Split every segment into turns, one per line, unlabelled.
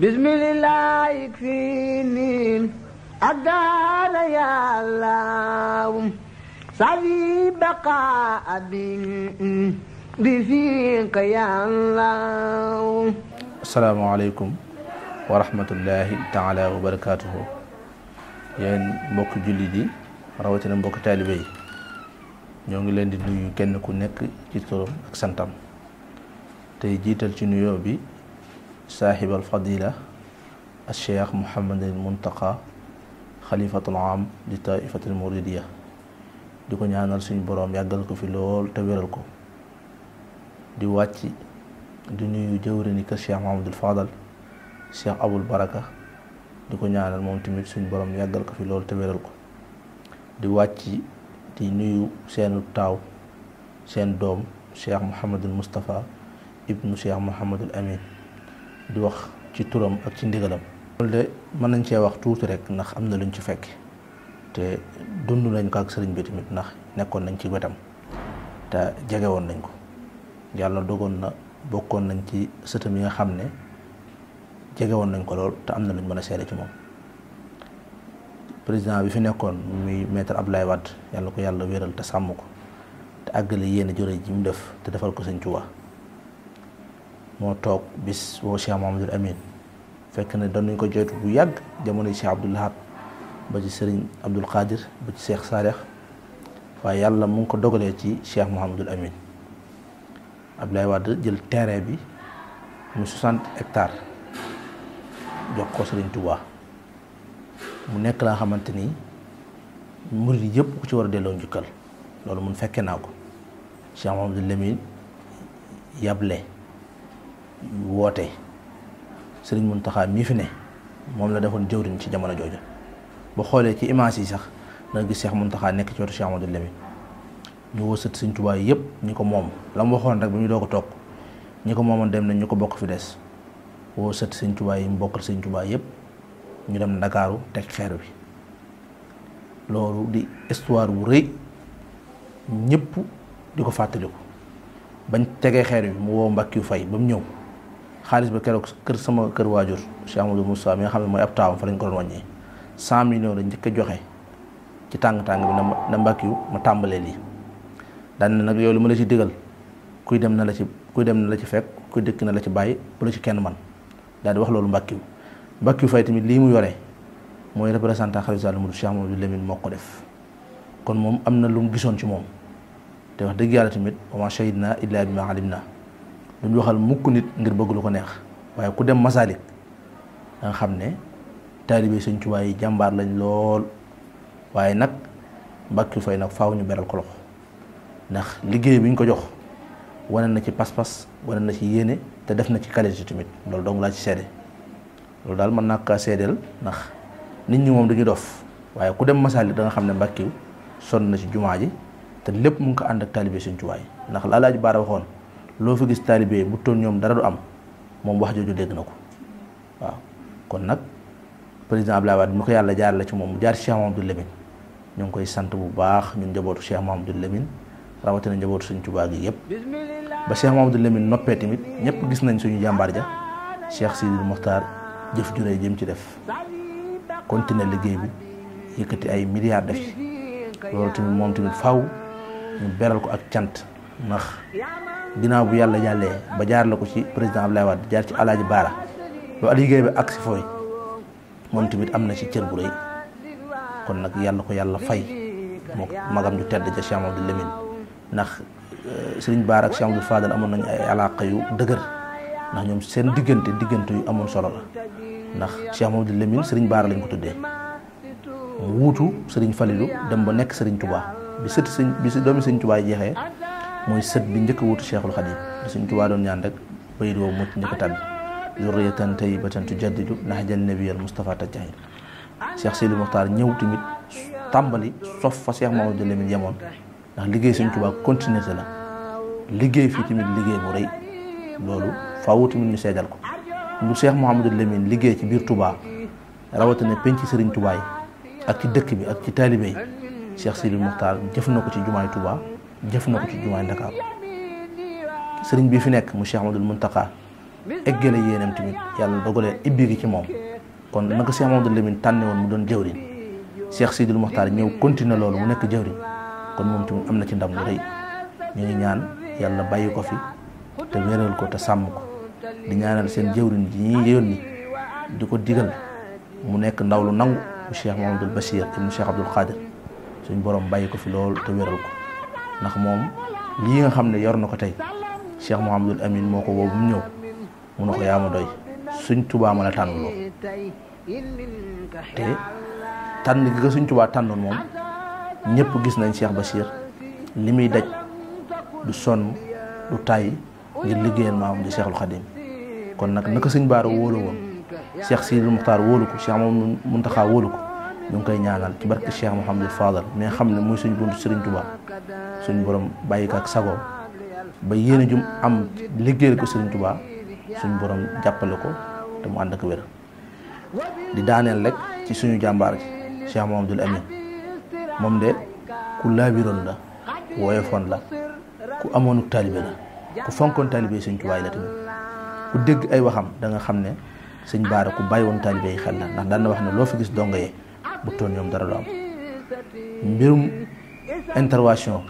bismillah ikfini adar ya allah sabi baqa abin bifika ya allah
assalamu alaykum wa rahmatullahi taala wa barakatuhu yéen mbokk julli yi rawatina mbokk taalibe ñoo ngi leen di nuyu kenn ku nekk ci turam ak santam tey jiital ci nuyoo bi saaxib alfadila alcheikh mohammadin muntaqa xalifatul am di taifatil muridiya di ko ñaanal suñu boroom yàggal ko fi lool te ko di wàcc di nuyu jëwrini kër cheikh mohamadul fadal cheikh baraka di ko ñaanal moom tamit suñu boroom yàggal ko fi loolu te wéral ko di wàcc di nuyu seenu taaw seen doom cheikh mohamadul mustapha ibnu cheikh mohamadul amin di wax ci turam ak ci ndigalam. loolu de mën nañ cee wax tuuti rek ndax am na luñ ci fekk te dund nañ ko ak sëriñ bi tamit ndax nekkoon nañ ci wetam te jege woon nañ ko yàlla dogoon na bokkoon nañ ci sëtam yi nga xam ne jege woon nañ ko lool te am na luñ mën a seere ci moom. président bi fi nekkoon muy maître Abdoulaye Wade yàlla ko yàlla wéral te sàmm ko te àggale yéen a jore ji mu def te defal ko sëñ Tuubaa moo toog bis woo Cheikh Mahamadul Amin fekk ne doon nañ ko jot bu yàgg jamono yi Cheikh Abdoul Ahad ba ci Serigne Abdoul Khadir ba waaye yàlla mu ngi ko dogalee ci Cheikh Mahamadul Amin Abdoulaye Wade jël terrain bi mu 60 hectares jox ko Serigne Touba mu nekk laa xamante ni murid yëpp ku ci war a delloo njukkal loolu mun fekkee naa ko Cheikh Mahamadul Amin yable woote mun Muntaxa mii fi ne moom la defoon jëwriñ ci jamono jooju ba xoolee ci image yi sax danga gis Cheikh taxaa nekk ci wetu Cheikh Amadou Lamine ñu wësat sëñ yëpp ñi ko moom la mu waxoon rek bi ñu doo ko toog ñi ko moomoon dem nañ ñu ko bokk fi des wësat sëñ Tuubaa yi mu bokkal sëñ Tuubaa yëpp ñu dem Ndakaaru teg xeer bi loolu di histoire bu rëy ñépp di ko fàttaliku bañ tegee xeer bi mu woo yu Faye ba mu ñëw xaalis ba keroog kër sama kër waajur Cheikh Amadou Moussa mi nga xam ne mooy ab taawam fa lañ ko doon wàññi cent millions la njëkk a joxe ci tàng-tàng bi na mbàkk yu ma tàmbalee lii daan na nag yow li ma la ci digal kuy dem na la ci kuy dem na la ci fekk kuy dëkk na la ci bàyyi bu ci kenn man daal wax loolu mbàkk yu mbàkk yu fay tamit lii mu yore mooy représentant xalifa Sall Cheikh Amadou Lamine moo ko def kon moom am na lu mu gisoon ci moom te wax dëgg yàlla tamit wa ma shahidna illa bi ma alimna duñ waxal mukk nit ngir bëgg lu ko neex waaye ku dem masaalik danga xam ne taalibe sëñ Tuubaa yi jàmbaar lañ lool waaye nag Mbàkke Fay nag faaw ñu beral ko loxo ndax liggéey bi ñu ko jox wane na ci pas-pas wane na ci yéene te def na ci qualité tamit loolu dong laa ci seede loolu daal mën naa kaa seedeel ndax nit ñi moom dañu dof waaye ku dem masaalik da nga xam ne Mbàkke sonn na ci jumaa ji te lépp mu ngi ko ànd ak taalibe sëñ Tuubaa ndax la Alaaji Baara waxoon loo fa gis taalibe bu toon ñoom dara du am moom wax jooju dégg na ko waaw kon nag président Abdoulaye Wade mu ko yàlla jaar la ci moom mu jaar Cheikh Mahamadou Lamine ñu ngi koy sant bu baax ñun njabootu Cheikh Mahamadou Lamine rawatina njabootu suñ Tuubaa gi yëpp ba Cheikh Mahamadou Lamine noppee tamit ñëpp gis nañ suñu jàmbaar ja Cheikh Sidil Mokhtar jëf juree jëm ci def continuer liggéey bi yëkkati ay milliards def ci loolu tamit moom tamit faaw ñu beral ko ak cant ndax ginnaaw bu yàlla jàllee ba jaar la ko ci président Abdoulaye Wade jaar ci alaaji Baara ba Aliou bi ak si fooy moom tamit am na ci cër bu rëy kon nag yàlla ko yàlla fay moo magam du tedd ca Cheikh Amadou Lamine ndax euh, Serigne Baara ak Cheikh Amadou amoon nañu ay alaaka yu dëgër ndax ñoom seen diggante diggante yu amoon solo la ndax Cheikh Amadou Lamine Serigne Baara lañ ko tuddee mu wuutu Serigne Falilou dem ba nekk Serigne Touba bi sëti sëñ bi si doomi Serigne Touba jeexee. mooy sët bi njëkk wutu cheikhul xadim da suñ tubaa doon ñaan rek bayit woowu mucc njëkk tàbbi zurriyatan tayyibatan tujaddidu nahja nabiyal Mustafa tajahir Cheikh Sidi Mokhtar ñëw tamit tàmbali sof fa Cheikh Mamadou Lamine yemoon ndax liggéey suñ tubaa continué la liggéey fii tamit liggéey bu rëy loolu faaw tamit ñu seedal ko lu Cheikh Mouhamadou lemin liggéey ci biir tubaa rawatina penc sëriñ tubaa yi ak ci dëkk bi ak ci taalibe yi Cheikh Sidi Mokhtar jëf na ko ci jumaay tubaa jëf na ko ci jumaay Ndakaaru sëriñ bi fi nekk mu Cheikh Amadul Muntaqa eggale yéenam tamit yàlla dogale ibbi gi ci moom kon naka Cheikh Amadul Lamine tànne woon mu doon jëwriñ Cheikh lu Mokhtar ñëw continuer loolu mu nekk jëwriñ kon moom tamit am na ci ndam lu rëy ñu ngi ñaan yàlla bàyyi ko fi te wéral ko te sàmm ko di ñaanal seen jëwriñ ji ñuy yónni di ko digal mu nekk ndaw lu nangu mu Cheikh Mamadul Basiir ibnu Cheikh Abdul Qadir suñ borom bàyyi ko fi lool te ndax moom lii nga xam ne yor na ko tey Cheikh Mouhamadul Amine moo ko woo bu mu ñëw mu ne ko yaa ma doy suñ tubaa ma la tànn loo te tànn gi nga suñ tubaa tànnoon moom ñëpp gis nañ ba Bachir li muy daj du sonn du tàyyi ngir liggéeyal maamam di Cheikhul Khadim kon nag naka suñ baara wóolu woon Cheikh Sidil Muxtaar wóolu ko Cheikh moom Muntaxaa wóolu ko ñu ngi koy ñaanal ci barke Cheikh Mouhamadul Fadal mais xam ne muy suñ buntu Serigne tubaa suñ borom bàyyi ko ak sagoom ba yéene jum am liggéeyal ko Serigne Touba suñ borom jàppale ko te mu ànd ak wér di daaneel rek ci suñu jàmbaar ji Cheikh Mamadou Amin moom de ku laabiroon la woyofoon la ku amoonu taalibe la ku fonkoon taalibe Serigne Touba la tamit ku dégg ay waxam danga xam ne sëñ Baara ku bàyyi woon taalibe yi xel la ndax daan na wax ne loo fi gis dongo yee bu toon ñoom dara du am mbirum intervention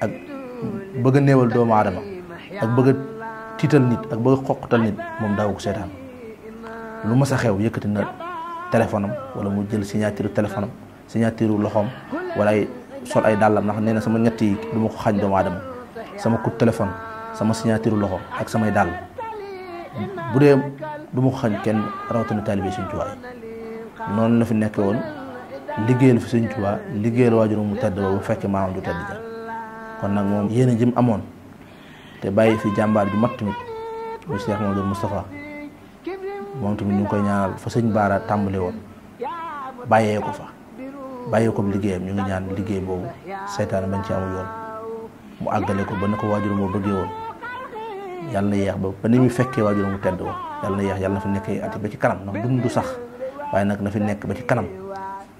ak bëgg a néewal doomu aadama ak bëgg a tiital nit ak bëgg a nit moom daawu ko seetaan lu ma sa xew yëkkati na téléphone am wala mu jël signature téléphone am loxoom wala ay sol ay dàllam ndax nee na sama ñett yi du ma ko xañ sama coup téléphone sama signature loxo ak samay dàll bu dee du ma xañ kenn rawatina taalibe Sëñ Tuubaa yi noonu la fi nekk woon liggéeyal fi Sëñ liggéeyal waajur mu tedd ba bu fekkee maamam ju tedd ja kon nag moom yéen a jëm amoon te bàyyi fi jàmbaar ju mat tamit lu Cheikh Mamadou Moustapha moom tamit ñu ngi koy ñaaral fa sëñ Baara tàmbali woon bàyyee ko fa bàyyee ko liggéeyam ñu ngi ñaan liggéey boobu seytaan bañ ci amul yoon mu àggale ko ba na ko waajur moo bëggee woon yàlla na yeex ba ba ni muy fekkee waajur mu tedd woon yàlla na yeex yàlla na fi nekkee ati ba ci kanam ndax dund du sax waaye nag na fi nekk ba ci kanam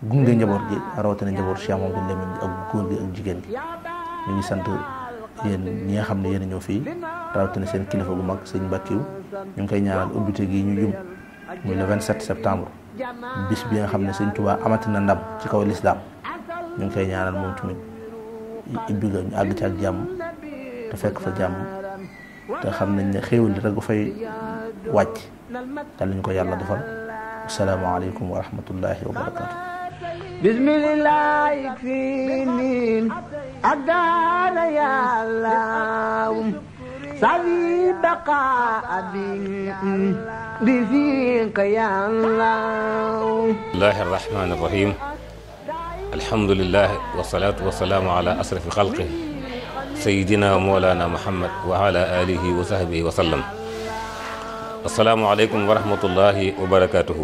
gunge njaboot gi rawatina njaboot Cheikh Mamadou Lamine ak góor gi ak jigéen gi ñu ngi sant yéen ñi nga xam ne yéen a ñëw fii rawatina seen kilifa gu mag sëñ Mbackiou ñu ngi koy ñaanal ubbite gi ñu jub muy vingt 27 septembre bis bi nga xam ne sëñ Touba amati ndam ci kaw lislaam ñu ngi koy ñaaral moom tamit ibbi ga ñu àgg ci ak jàmm te fekk fa jàmm te xam nañ ne xéewal li rek bu fay wàcc te lañ ko yàlla defal asalaamaaleykum wa rahmatullahi wa barakatu بسم الله
يكفيني أدار يا الله سعي بقاء بفيك يا الله
الله الرحمن الرحيم الحمد لله والصلاة والسلام على أشرف خلقه سيدنا مولانا محمد وعلى آله وصحبه وسلم السلام عليكم ورحمة الله وبركاته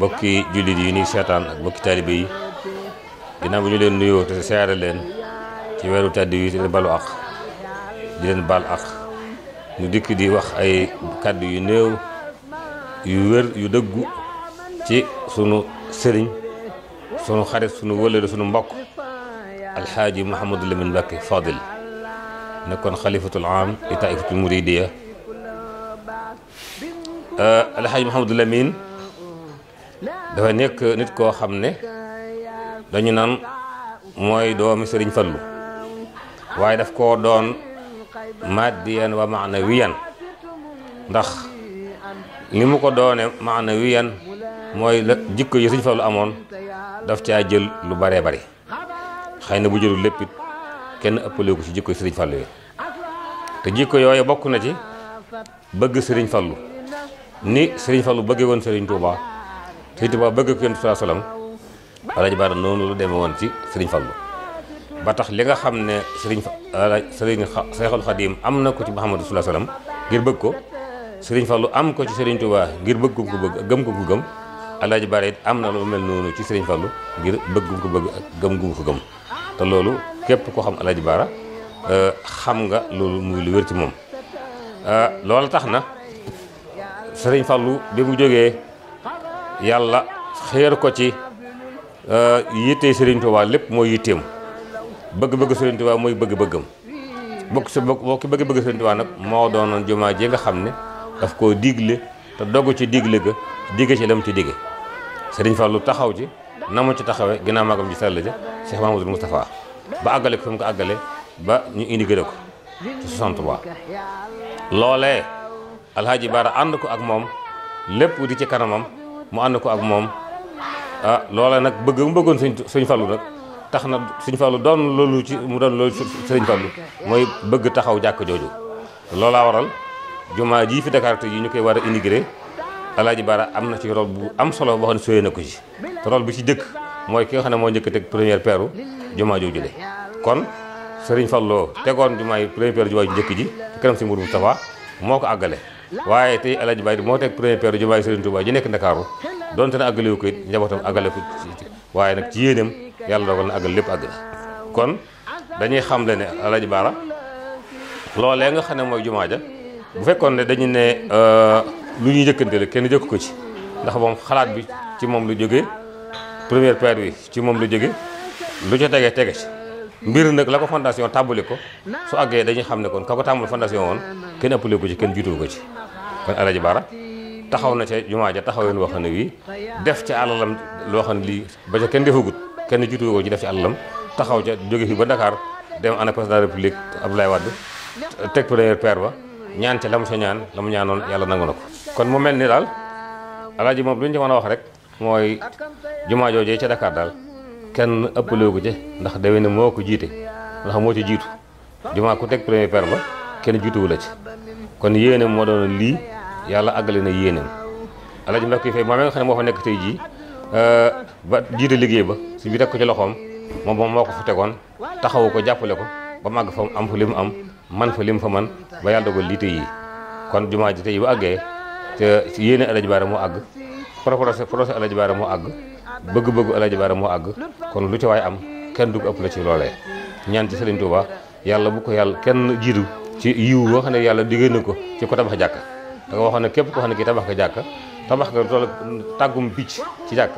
bokki jullit yi ñuy seetaan ak bokki taalibe yi ginnaaw bi ñu leen nuyoo te siyaare leen ci weeru tàdd yi te balu ak di leen baal ak dikk di wax ay kàddu yu néew yu wér yu dëggu ci sunu sëriñ sunu xarit sunu wëlëre sunu mbokk alxaaji Mouhamadou Lamine Mbacké Fadil nekkoon xalifatul am li taifatul muridiya alxaaji Mouhamadou Lamine dafa nekk nit koo xam ne dañu naan mooy doomi sëriñ fallu waaye daf koo doon maddiyan wa yan ndax li mu ko doone yan mooy la jikko yi sëriñ fallu amoon daf caa jël lu baree bari xëy na bu jëlul lépp kenn ëppale ko ci jikko yi sëriñ fallu yi te jikko yooyu bokk na ci bëgg sëriñ fallu ni sëriñ fallu bëggee woon sëriñ Touba. Sëriñ Tuubaa bëgg ak yonent sallallahu alayhi wasallam Alaaji Baara noonu la demee woon ci Sëriñ Fallu ba tax li nga xam ne Sëriñ Sëriñ Seexul Xadiim am na ko ci Muhammadu sallallahu alayhi wasallam ngir bëgg ko Sëriñ Fallu am ko ci Sëriñ Tuubaa ngir bëgg ko bëgg gëm ko ko gëm Alaaji Baara it am na lu mel noonu ci Sëriñ Fallu ngir bëgg ko bëgg ak gëm gu ko gëm te loolu képp ko xam Alaaji Baara euh, xam nga loolu muy lu wér ci moom euh, loolu tax na Sëriñ Fallu bi mu jógee yàlla xeer ko ci euh, yitte Serigne Touba lépp mooy yitteem bëgg-bëgg Serigne Touba mooy bëgg-bëggam bokk si bokk bëgg-bëgg Serigne Touba nag moo doonoon jumaa ji nga xam ne daf koo digle te dogu ci digle ga digge ci lam ci digge fa lu taxaw ji na mu ci taxawee ginnaaw magam ji sell ja Cheikh Mahmoudou Moustapha ba àggale ko fi mu ko àggale ba ñu indi gëre ko ci 63 loolee Alhaji Bara ànd ko ak moom lépp di ci kanamam. mu ànd ko ak moom ah loola nag bëgg mu bëggoon suñ suñ fallu nag tax na suñ fallu doon loolu ci mu doon loolu suñ fallu mooy bëgg taxaw jàkk jooju loolaa waral jumaa jii fi Dakar te yi ñu koy war a intégré Alaaji Bara am na ci rôle bu am solo boo xam ne sóyee na ko ci te rôle bi ci jëkk mooy ki nga xam ne moo njëkk teg première peeru jumaa jooju le kon Sëriñ Falloo tegoon jumaa yi première peeru jumaa ju njëkk ji te kanam si Mourou Moustapha moo ko àggale waaye tey El Hadj Baye moo teg premier père jumaay Serigne Touba ji nekk Ndakaaru donte na àggale ko it njabootam àggale ko waaye nag ci yéenam yàlla dogal na àgg lépp àgg na kon dañuy xam le ne El Hadj Baara loolee nga xam ne mooy jumaa ja bu fekkoon ne dañu ne euh, lu ñuy njëkkante la kenn jëkk ko ci ndax moom xalaat bi ci moom lu jóge première père bi ci moom lu jóge lu ñu tege tege ci mbir nag la ko fondation tàmbali ko su àggee dañuy xam ne kon ka ko tàmbali fondation woon kenn ëppale ko ci kenn jiitu ko ci kon alaji bara taxaw na ca jumaa ja taxaw yoon waxam ne wii def ca alalam loo xam ne lii ba ca kenn defagut kenn jiitu ko ci def ci alalam taxaw ca jóge fii ba ndakaar dem ana président de la république Abdoulaye Wade teg première pierre ba ñaan ca la mu sa ñaan la mu ñaanoon yàlla nangu na ko kon mu mel ni daal alaaji moom lu ñu ci mën a wax rek mooy jumaa joojee ca daal kenn ëppalewu ko ci ndax dewe ne moo ko jiite ndax moo ci jiitu jumaa ku teg premier pierre ba kenn jiituwu la ci kon yéene moo doon lii yàlla àggale na yéeneem Alaaji Mbàkke Fay moom nga xam ne moo fa nekk tey jii euh, ba jiite liggéey ba si bi teg ko ci loxoom moom moom moo ko fa tegoon taxawu ko jàppale ko ba màgg fa am fa li mu am man fa li mu fa man ba yàlla dogal lii tey yi kon jumaa ji tey yi bu àggee te yéene Alaaji Baara moo àgg projet projet Alaaji Baara moo àgg bëgg-bëggu Alaaji Baara moo àgg kon lu ci waay am kenn dugg ko ëpp la ci loolee ñaan ci Sëriñ Tuuba yàlla bu ko yàlla kenn jiitu ci yiw boo xam ne yàlla diggée na ko ci ko tabax jàkk da waxoon ne képp koo xam ne kii tabax nga jàkk tabax nga tool tàggum picc ci jàkk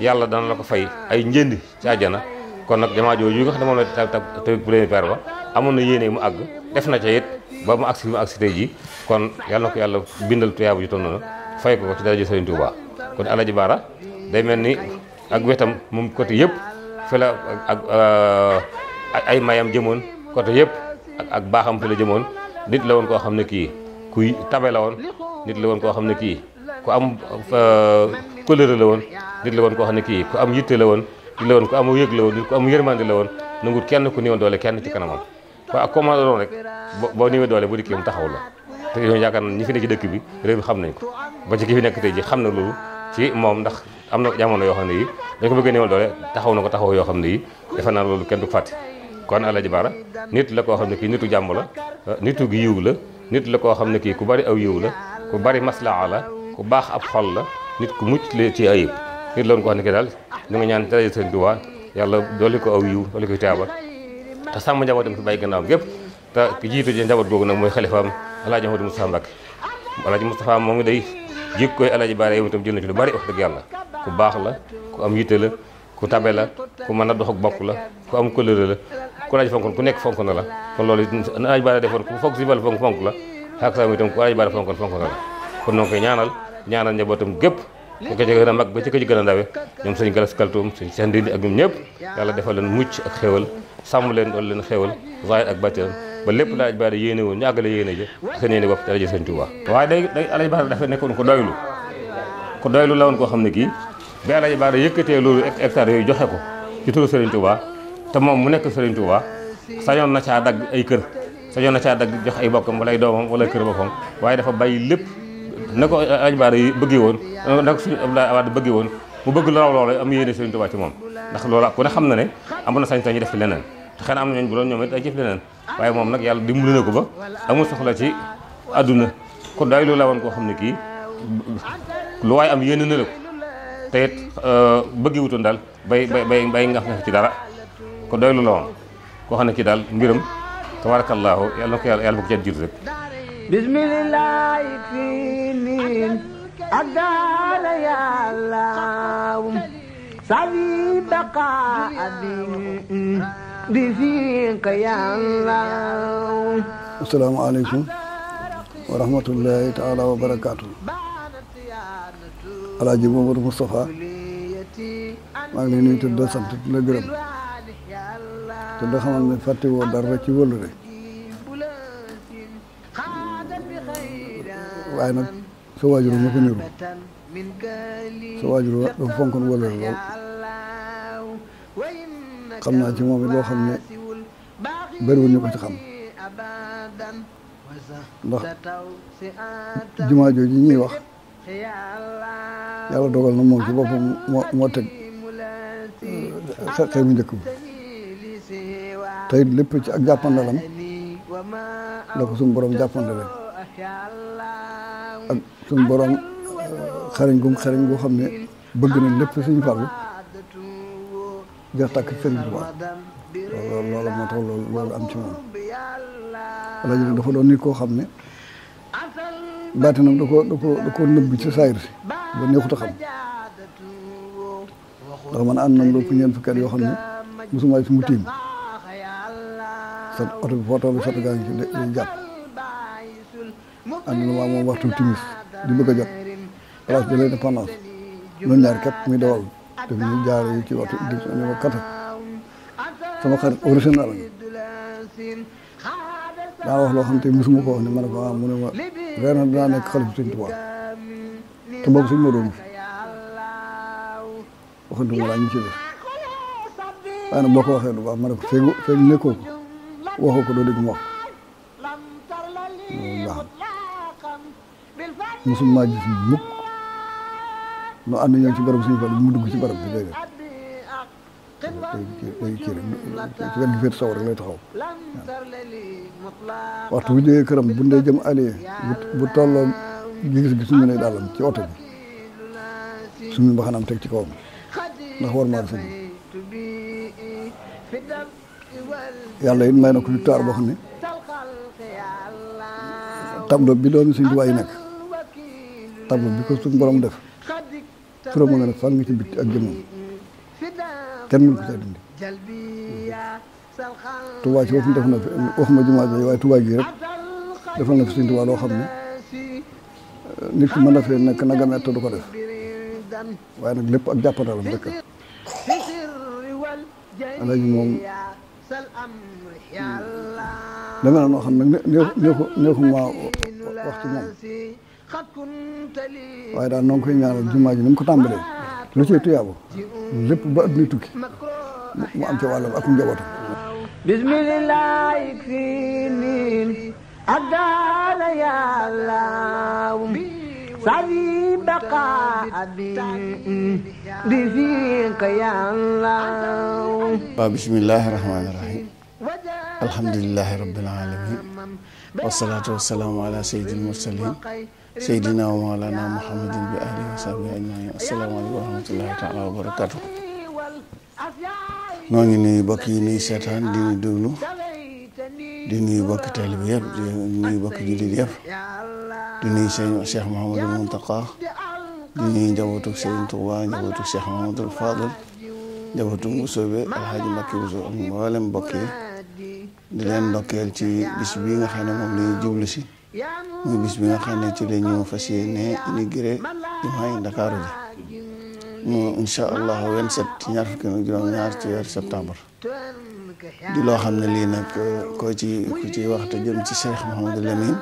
yàlla dana la ko fay ay njënd ci àjjana kon nag jamaa jooju nga xam ne moom la tamit premier père ba amoon na yéene mu àgg def na ca it ba mu agsi fi mu agsi tey ji kon yàlla na ko yàlla bindal tuyaabu ju toll noonu fay ko ko ci daraja Sëriñ Tuuba kon Alaaji Baara day mel ni ak wetam moom côté yëpp fi la ak euh, ay mayam jëmoon côté yëpp ak baaxam fi la jëmoon nit la woon koo xam ne kii kuy tabe la woon nit la woon koo xam ne kii ku am kóllëre euh, la woon nit la woon ku am yitte la woon nit la woon ku am yëg la woon nit ku am yërmande la woon nangut kenn ku néew doole kenn ci kanamam waaw ak comment doon rek boo néewee doole bu dikkee mu taxaw la te yow yaakaar naa ñi fi ne ci dëkk bi réew xam nañ ko ba ci ki fi nekk te ji xam na loolu ci moom ndax am na jamono yoo xam ne yi dañ ko bëgg néewal doole taxaw na ko taxaw yoo xam ne yi defe naa loolu kenn du ko fàtte kon Alaaji Baara nit la koo xam ne kii nitu jàmm la nitu gi yiw la nit la koo xam ne kii ku bari aw yiw la ku bari maslaa la ku baax ab xol la nit ku mucc la ci ayib nit loon ko xam ne kii daal ñu ngi ñaan daraja Sëriñ Tuubaa yàlla dolli ko aw yiw dolli ko tiyaaba te sàmm njabootam fi bàyyi gannaawam gépp te ki jiitu ji njaboot googu nag mooy xalifaam Alaaji Mouhamadou Moustapha jikkoy Alaaji Bara yow itam jël na ci lu bari wax dëgg yàlla ku baax la ku am yitte la ku tabe la ku man a dox ak bokk la ku am kóllëre la ku laaj fonk ku nekk fonk na la kon loolu Alaaji Bara defoon ku fonk si bal fonk fonk la xaak sam itam ku Alaaji Bara fonkoon fonk na la kon noonu koy ñaanal ñaanal njabootam gépp ñu ko ci gën a mag ba ci ko ci a ndawe ñoom sëñ Galas Kaltoum sëñ Seex Ndindi ak ñëpp yàlla defal leen mucc ak xéwal sàmm leen doon leen xéwal zaahir ak baatin ba lépp laaj baara yéene woon ñu la yéene ji seen yéene bopp dara ji sëñ Tuubaa waaye dafa nekkoon ko doylu ko doylu la woon koo xam ne kii bi alaji baara yëkkatee loolu hectare yooyu joxe ko ci turu Serigne Touba te moom mu nekk Serigne Touba sañoon na caa dagg ay kër sañoon na caa dagg jox ay bokkam wala ay doomam wala kër boppam waaye dafa bàyyi lépp na ko alaji baara yi bëggee woon na ko suñu Abdoulaye Wade bëggee woon mu am yéene Serigne Touba moom ndax loolu ku ne xam na ne amoon na sañ-sañ ñu def fi leneen te xëy bu doon ñoom it ay jëf leneen waaye moom nag yàlla dimbali na ko ba amul soxla ci àdduna kon daay loolu laa woon koo xam ne kii lu waaye am yéene na la ko te it euh, bëggi wutoon daal bay bay bay bay ngaf ngaf ci daal mbiram tabaarakallaahu yàlla na ko yàlla yàlla ko jat jiitu rek
bismillaahi fii niin ak daala yàllaawum sabi baqaa di fiika yàlla.
asalaamaaleykum wa rahmatullahi taala wa barakaatu. alaaji Mamadou Moustapha maa ngi lay nuyu tudd la sant la gërëm te da xamal ne fàtte woo dara ci wëllu rek waaye nag sa waajur ma ko niru sa waajur dafa fonkoon wëllu lool. xam naa ci moom loo xam ne bëriwul ñu ko ci xam ndax jooju ñuy wax yàlla dogal na moom ci boppam moo teg eh, xeer mu njëkk bi tey lépp ci ak jàppandalam la ko suñu borom jàppandale ak suñu borom eh, xarañ gum xarañ goo xam ne bëgg na lépp suñu fàllu jox takk Sëriñ Tuubaa loolu loolu moo loolu am ci moom rajo nag dafa doon nit koo xam ne baatinam da ko da ko da ko nëbb ci saayir si ba neexut a xam ndax man ànd nañ loolu ñeent fukki at yoo xam ne mosumaa ci mu tiim sa oto bi foo toll sotti gaa ngi ci day jàpp na maa waxtu timis di bëgg a jot place de l'indépendance loolu ñaar képp muy dawal daf ñuy jaare yi ci waxtu di ma kata wax loo xam te ne ma ne ah, mu ne ma weer na dinaa nekk xalifu Sëñ Tuubaa te boobu suñ ma doon fi waxantuma laa ñu ci def waaye nag boo ko waxee ma ne mu wax nu ànd ñoo ci barab suñu Fallu mu dugg ci barab bi déedéet day kii ci wet gi féet sow rek lay taxaw waxtu bu jógee këram bu ndee jëm allié bu tolloo gis gis ñu ne dàllam ci oto bi suñu mbaxanaam teg ci kawam ndax war maa sëñ yàlla it may na ko ci taar boo xam ne tableau bi doon suñu tuwaay yi nekk tableau bi ko suñu borom def turam nga nag fal nga ci bit ak jëmmam kenn mënu ko caa dindi Tuubaa ci waxum def na fi waxuma jumaa ji waaye Tuubaa gi rek defal na fi Sëñ Tuubaa loo xam ne nit ki mën na fee nekk nagam at du ko def waaye nag lépp ak jàppandalam rek Alaaji moom deme na noo xam nag nee ko nee ko maa
wax ci moom waaye
daal noo ngi koy ñaanal jumaa ji ni ko tàmbalee lu ci tuyaabo lépp ba at mi tukki mu am ci wàllam ak njabootam.
bismillahi fiini adala yàllaaw sabi baqa abi di fiika yàllaaw
waaw bismillahi rahmaani rahim alhamdulilahi rabbil alamin wasalaatu wasalaamu ala sayyidil mursalin Seydina wa Mawlana Muhammadin bi ahlihi wa sahbihi ajmain asalaamaaleykum wa rahmatullahi taala wa barakatuh noo ngi nuyu bokk yi nuy seetaan di nuy déglu di nuyu bokk taalibe yëpp di nuyu bokk jullit yëpp di nuyu sëñ Cheikh Mouhamadou Mountakha di nuyu njabootu Sëriñ Tuubaa njabootu Cheikh Mouhamadoul Fadel njabootu Mbusoobe Alxaaji Mbàkke Buso ak mboolem bokk yi di leen ndokkeel ci bis bii nga xam ne moom la ñuy jublu si muy bis bi nga xam ne ci la ñu fas yéene inauguré jumaay Ndakaaru ji mu incha allah vingt-sept ñaar fukki ak juróom-ñaar ci weeru septembre di loo xam ne lii nag koo ci ku ci wax te jëm ci Cheikh Mouhamadou Lamine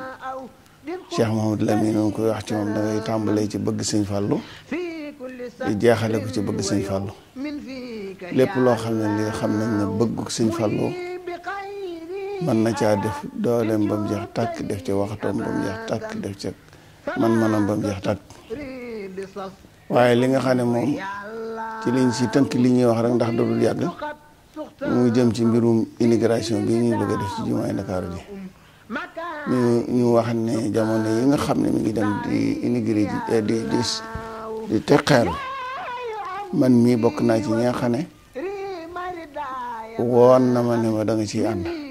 Cheikh Mouhamadou Lamine moom koy wax ci moom da tàmbalee ci bëgg Sëñ Fàllu di jeexale ko ci bëgg Sëñ Fàllu lépp loo xam ne lii xam nañ ne bëgg Sëñ Fàllu man na caa def dooleem ba mu jeex tàkk def ci waxtoom ba mu jeex tàkk def ci man manam ba mu jeex tàkk waaye li nga xam ne moom ci liñ si tënk li ñuy wax rek ndax dootul yàgg mu jëm ci mbirum inigration bi ñu bëgg a def ci jumaay Ndakaaru ji ñu wax ne jamono yi nga xam ne mu ngi dem di immigré ji eh, di di man mii bokk naa ci ñi nga xam ne woon na ma ne ma da nga ciy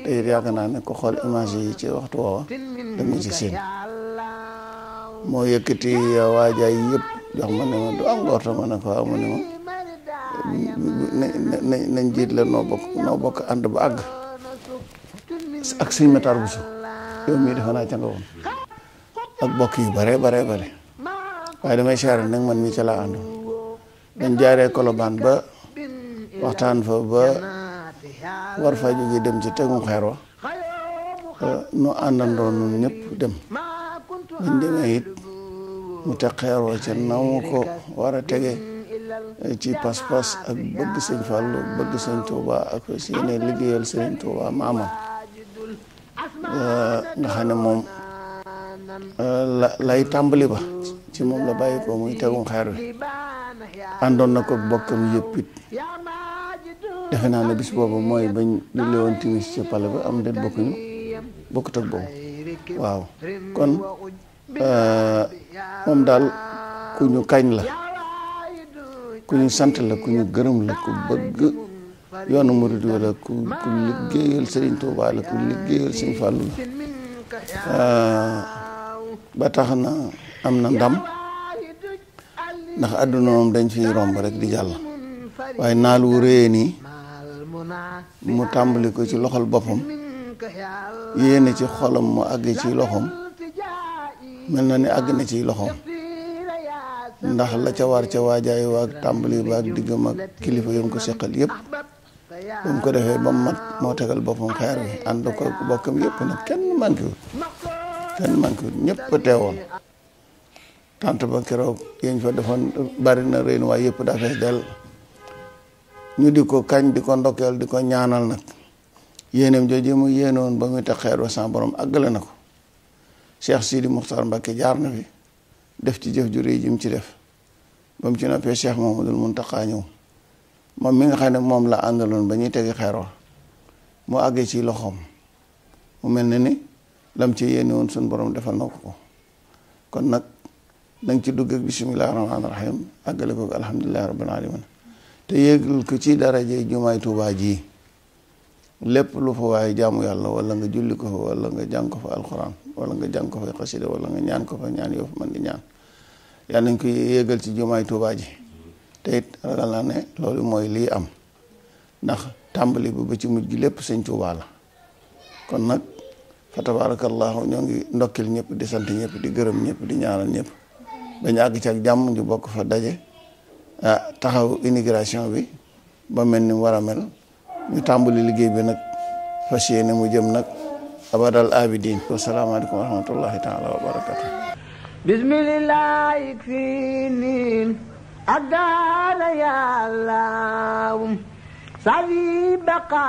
te it yàgg naa ne ko xool image yi ci waxtu woowa da nga ci seen moo yëkkati waajaay yëpp jox ma ne ma du am ngoorta ne ko waaw ma ne ma nañ nañ jiit la noo bokk noo bokk ànd ba àgg ak sëñ Matar Bousso yow mii defe naa ca nga ak bokk yu bare bare bare waaye damay siyaare nag man mii ca laa àndoon dañ jaaree Colobane ba waxtaan fa ba war faa jógee dem ci tegum xeer wa nu àndandoo ñun ñëpp dem bañ demee it mu teg xeer wa ca na mu ko war tege ci pas-pas ak bëgg sëñ Fallou bëgg sëñ Touba ak si yeneen liggéeyal sëñ Touba maamam nga xam ne moom lay tàmbali ba ci moom la bàyyi ko muy tegum xeer wi àndoon na ko bokkam yëpp it defe naa ne bis boobu mooy bañ julli woon timis ci pale ba am déet bokkuñu bokkut ak boobu waaw kon euh, moom daal ku ñu kañ la ku ñu sant la ku ñu gërëm la ku bëgg yoonu murid wala ku ku liggéeyal Serigne Touba la ku liggéeyal Serigne Fallou la euh, ba tax na am na ndam ndax àdduna moom dañ fi romb rek di jàll waaye naal wu nii mu tàmbali ko ci loxol boppam yéene ci xolam mu àgg ci loxoom mel na ni àgg na ci loxoom ndax la ca war ca waajaay waag tàmbali baag diggam ak kilifa yom ko seqal yépp bu mu ko defee ba mu mat moo tegal boppam xeer bi ànd ko bokkam yépp nag kenn manqué kenn manqué ñépp teewoon tant ba keroog yéen fa defoon bari na waaye yépp daa del ñu di ko kañ di ko ndokkeel di ko ñaanal nag yéenam jooju mu yéenoon ba mu tax xeer wa sa borom àggale na ko Cheikh Sidi Muxtaar Mbàkke jaar na fi def ci jëf ju rëy ji mu ci def ba mu ci noppee Cheikh Mamadul Muntaxa ñëw moom mi nga xam ne moom la àndaloon ba ñuy tegi xeer wa mu àggee ci loxoom mu mel na ni lam ci yéene woon suñ borom defal na ko ko kon nag nañ ci dugg ak bisimilah rahmaani rahim àggale ko alhamdulilah rabbil te yéegal ko ci daraje jumaay Tuubaa ji lépp lu fa waaye jaamu yàlla wala nga julli ko fa wala nga jàng ko fa alxuraan wala nga jàng ko fa xasida wala nga ñaan ko fa ñaan yoo fa mën di ñaan yal nañ ko yéegal ci jumaay Tuubaa ji te ragal naa ne loolu mooy lii am ndax tàmbali bi ba ci mujj gi lépp sëñ Tuubaa la kon nag fa tabaarakallaahu ñoo ngi ndokkil ñëpp di sant ñëpp di gërëm ñëpp di ñaanal ñëpp dañu àgg ci ak jàmm ñu bokk fa daje ah taxaw immigration bi ba mel ni mu war mel ñu tàmbali liggéey bi nag fas yéene mu jëm nag abadal abidin wasalaamaaleykum wa rahmatullahi taala wa barakatu bismillahi fini
adala yàllaw safi baqa